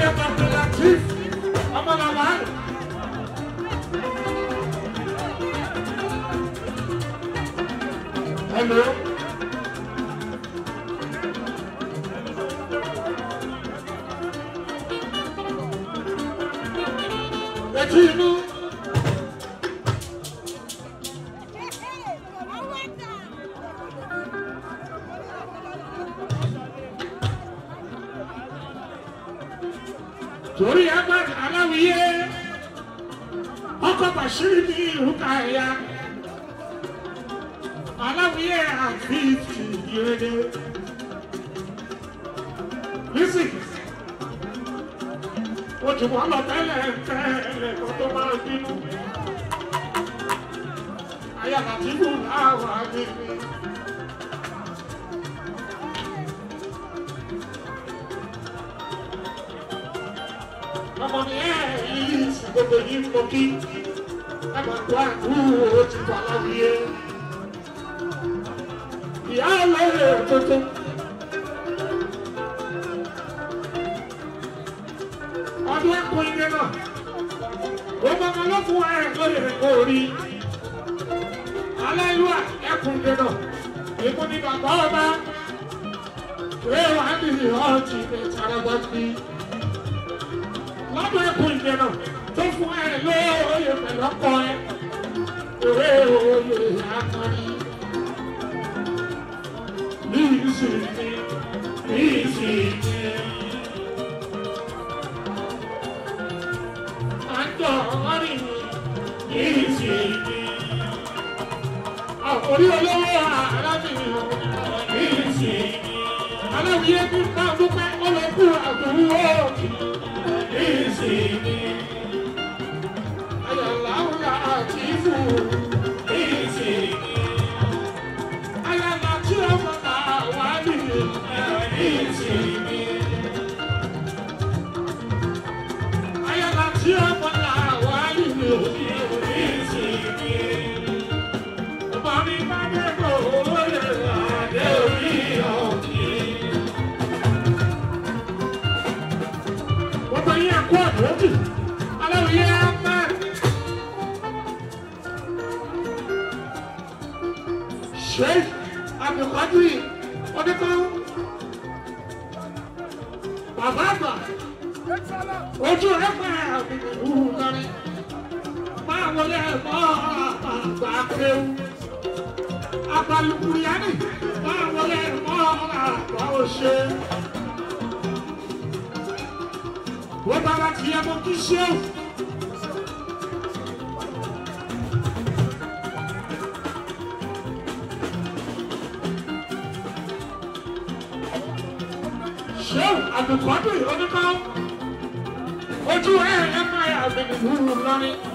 Yahya Abdulatif Amalaman. Hello. Ẹ jí inú. torí agbára aláwìyé ọkọ̀ bàṣírí ní ìlú káyà aláwìyé àfíìtì ìrẹ́lẹ́ lísì ojú wọn lọ tẹ́lẹ̀ tẹ́lẹ̀ kó tó máa bínú ayé àtàtìkù láwọn àgbègbè. ọmọ ní ẹ̀ẹ́yìn gbogbo yìí mo kí àgbàdo àdúró ó ti wà láwùyé. ìyá ọlọ́rẹ̀ tuntun. ọdún ẹ̀kọ́ ilé náà ó mọ ọmọ lọ́kùn ẹ̀kọ́ ìrìnkọ́ orí. aláìlúwà ẹkùn ilé náà èkó ni bàbá ọba. Wéèrè wà á bìrì ọdún ẹkùn ìdènà tó fún ẹ lóyè oyè pẹ̀lú ọkọ ẹ òwe oyè akọni. ní ìsinmi ní ìsinmi. àjọ ọrìn ní ìsinmi. àkórí olówó alábìnrin ní ìsinmi. aláwìyé ìsìn ni Sheikh Abdulkadir Oníkan bàbá àgbà ojú rẹ̀ pa àbùkù kárí máa wọlé ẹ̀kọ́ àgbà kéwù abalùkùrìánì máa wọlé ẹ̀kọ́ àgbà òṣè. wọ́n bá wa kí ẹ mọ kí ṣéwù. ṣéwù àbùkù the ìrọ́dún kan ojú ẹ̀ ẹ̀ máa yà àbẹ̀lẹ̀ wúwo lọ́rin.